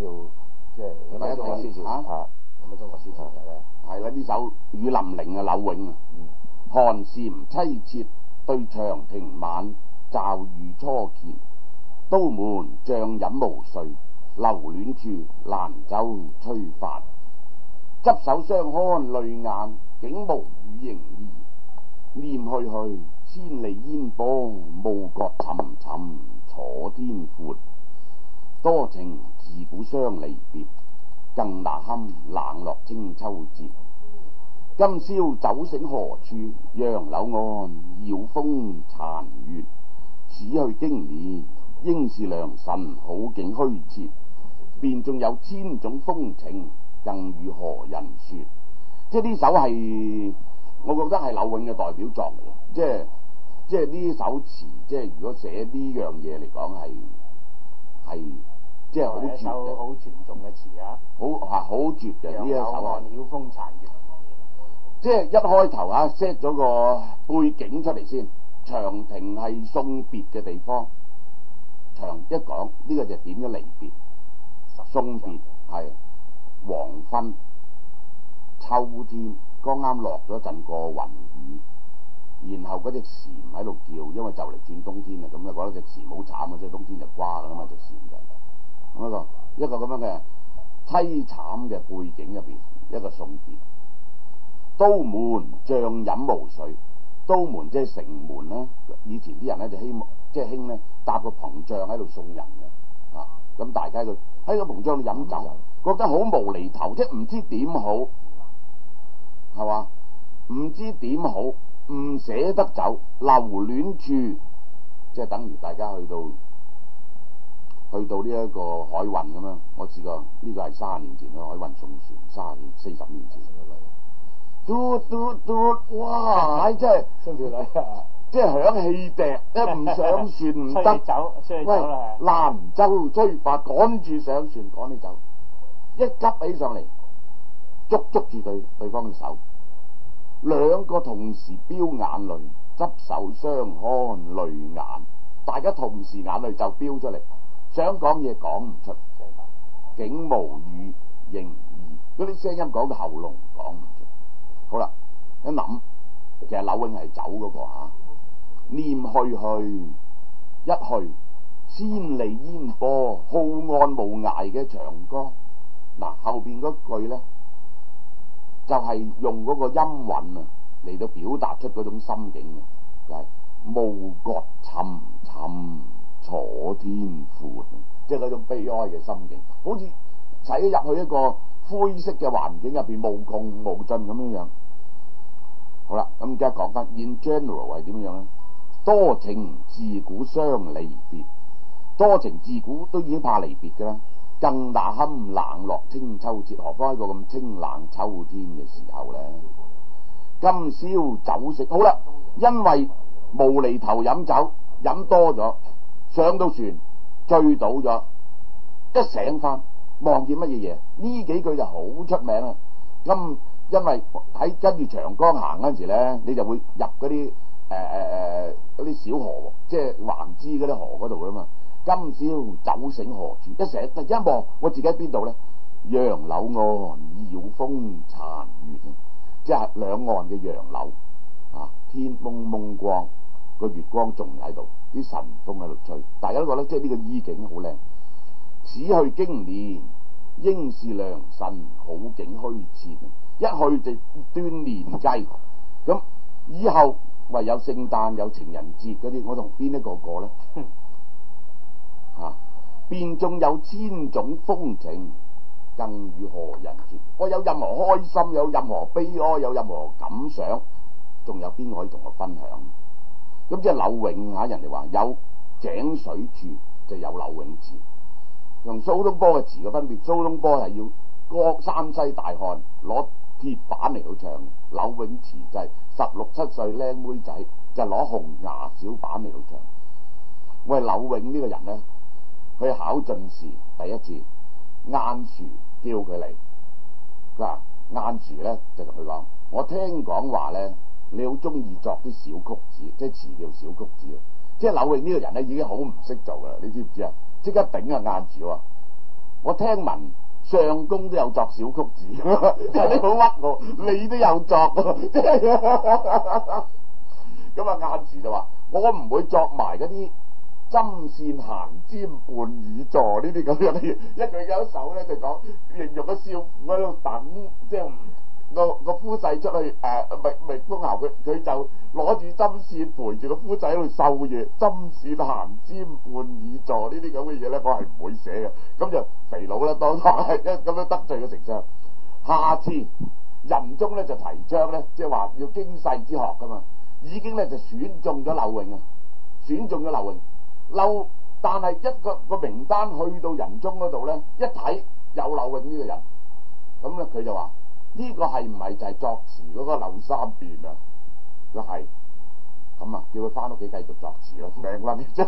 要即係大家聽先，先嚇咁啊！啊有中國先聽啦，呢、啊啊啊、首《雨霖鈴》啊，柳永啊，嗯、寒蟬悽切，對長亭晚，驟雨初歇，都門帳飲無緒，留戀處，蘭舟催發，執手相看淚眼，竟無語凝噎，念去去，千里煙波，暮靄沉沉楚天闊，多情傷離別，更那堪冷落清秋節。今宵酒醒何處？楊柳岸，曉風殘月。此去經年，應是良辰好景虛設。便縱有千種風情，更與何人說？即係呢首係，我覺得係柳永嘅代表作嚟。即係即係呢首詞，即係如果寫呢樣嘢嚟講，係係。即係好絕嘅，好傳頌嘅詞啊！好嚇，好、啊、絕嘅呢一首啊！長河曉風殘月，即係一開頭啊 set 咗個背景出嚟先，長亭係送別嘅地方。長一講呢、個就點咗離別，送別係黃昏秋天剛啱落咗陣過雲雨，然後嗰隻蟬喺度叫，因為就嚟轉冬天啦。咁啊，覺得隻蟬好慘啊，即係冬天就瓜㗎啦嘛，隻蟬就。嗰個一個咁樣嘅悽慘嘅背景入邊，一個送別，都門帳飲無緒。都門即係城門咧，以前啲人咧就希望即係興呢，搭個篷帳喺度、啊嗯、在個，在個篷帳喺度送人嘅，嚇。咁大家喺喺個篷帳度飲酒，覺得好無厘頭，即係唔知點好，係嘛？唔知點好，唔捨得走，留戀處，即係等於大家去到。去到呢一個海運咁樣，我試過呢個係卅年前嘅海運送船，卅年四十年前，送條女，嘟嘟嘟，哇！唉，真係送條女啊，即係響汽笛，一唔上船唔得，追走，追走啦係，蘭舟催發，趕住上船趕你走，一急起上嚟捉捉住對對方嘅手，兩個同時飆眼淚，執手相看淚眼，大家同時眼淚就飆出嚟。想講嘢講唔出，竟無語凝噎。嗰啲聲音講到喉嚨講唔出。好啦，一諗其實柳永係走嗰、那個、啊、念去去，一去千里煙波，浩瀚無涯嘅長江。嗱、啊，後邊嗰句呢，就係、是、用嗰個音韻啊嚟到表達出嗰種心境嘅、啊，就係暮靄沉沉。楚天闊，即係嗰種悲哀嘅心境，好似使咗入去一個灰色嘅環境入邊，無窮無盡咁樣樣。好啦，咁而家講翻，in general 係點樣呢？多情自古傷離別，多情自古都已經怕離別噶啦。更那堪冷落清秋節，何況一個咁清冷秋天嘅時候呢？今宵酒食好啦，因為無厘頭飲酒飲多咗。上到船醉倒咗，一醒翻望見乜嘢嘢？呢幾句就好出名啦。咁因為喺跟住長江行嗰陣時咧，你就會入嗰啲誒誒誒嗰啲小河，即係橫支嗰啲河嗰度啦嘛。今宵酒醒何處？一醒，突然一望，我自己喺邊度咧？楊柳岸，曉風殘月，即係兩岸嘅楊柳啊，天蒙蒙光。個月光仲喺度，啲晨風喺度吹，大家都覺得即係呢個意境好靚。此去經年，應是良辰好景虛設。一去就斷年計，咁以後唯有聖誕有情人節嗰啲，我同邊一個過呢？變便、啊、縱有千種風情，更與何人說？我有任何開心，有任何悲哀，有任何感想，仲有邊個可以同我分享？咁即係柳永嚇、啊，人哋話有井水處就有柳永詞。同蘇東坡嘅詞個分別，蘇東坡係要哥山西大漢攞鐵板嚟到唱，柳永詞就係十六七歲靚妹仔就攞、是、紅牙小板嚟到唱。我係柳永呢個人呢，佢考進士第一次，晏殊叫佢嚟。佢話晏殊呢，咧，就同佢講：我聽講話咧。你好中意作啲小曲子，即係詞叫小曲子，即係柳永呢個人咧，已經好唔識做噶啦，你知唔知啊？即刻頂啊晏殊，我聽聞相公都有作小曲子，有啲好屈我，你都有作咁啊，晏殊就話、是 嗯：我唔會作埋嗰啲針線閒尖伴雨坐呢啲咁樣嘅嘢。一句一首咧就講形容一少婦喺度等，即、就、係、是。個個夫婿出去誒，未未恭候佢，佢就攞住針線陪住個夫仔喺度縫嘢，針線閒尖半耳座呢啲咁嘅嘢咧，我係唔會寫嘅。咁就肥佬咧，當堂係一咁樣得罪咗丞相。下次仁宗咧就提倡咧，即係話要經世之學噶嘛，已經咧就選中咗柳永啊，選中咗柳永。柳但係一個一個名單去到仁宗嗰度咧，一睇有柳永呢個人，咁咧佢就話。呢、這個係唔係就係作詞嗰個柳三變啊？都係咁啊，叫佢返屋企繼續作詞咯。命運啫，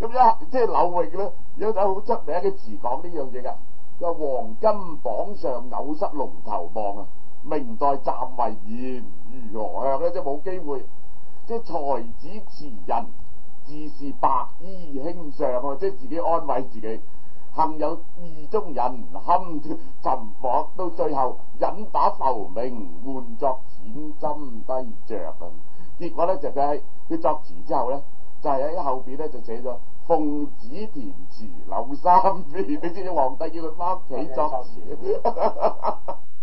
咁一即係柳永咧，有首好出名嘅詞講呢樣嘢㗎。佢話：黃金榜上，偶失龍頭望啊！明代暫遺賢，如何啊？即係冇機會，即係才子詞人自是白衣卿相。即係自己安慰自己。幸有意中人，堪尋獲，到最後忍把浮名換作淺斟低着啊！結果咧就佢係佢作詞之後咧，就係、是、喺後邊咧就寫咗《奉旨填詞》柳三變，你知唔知皇帝叫佢翻屋企作詞。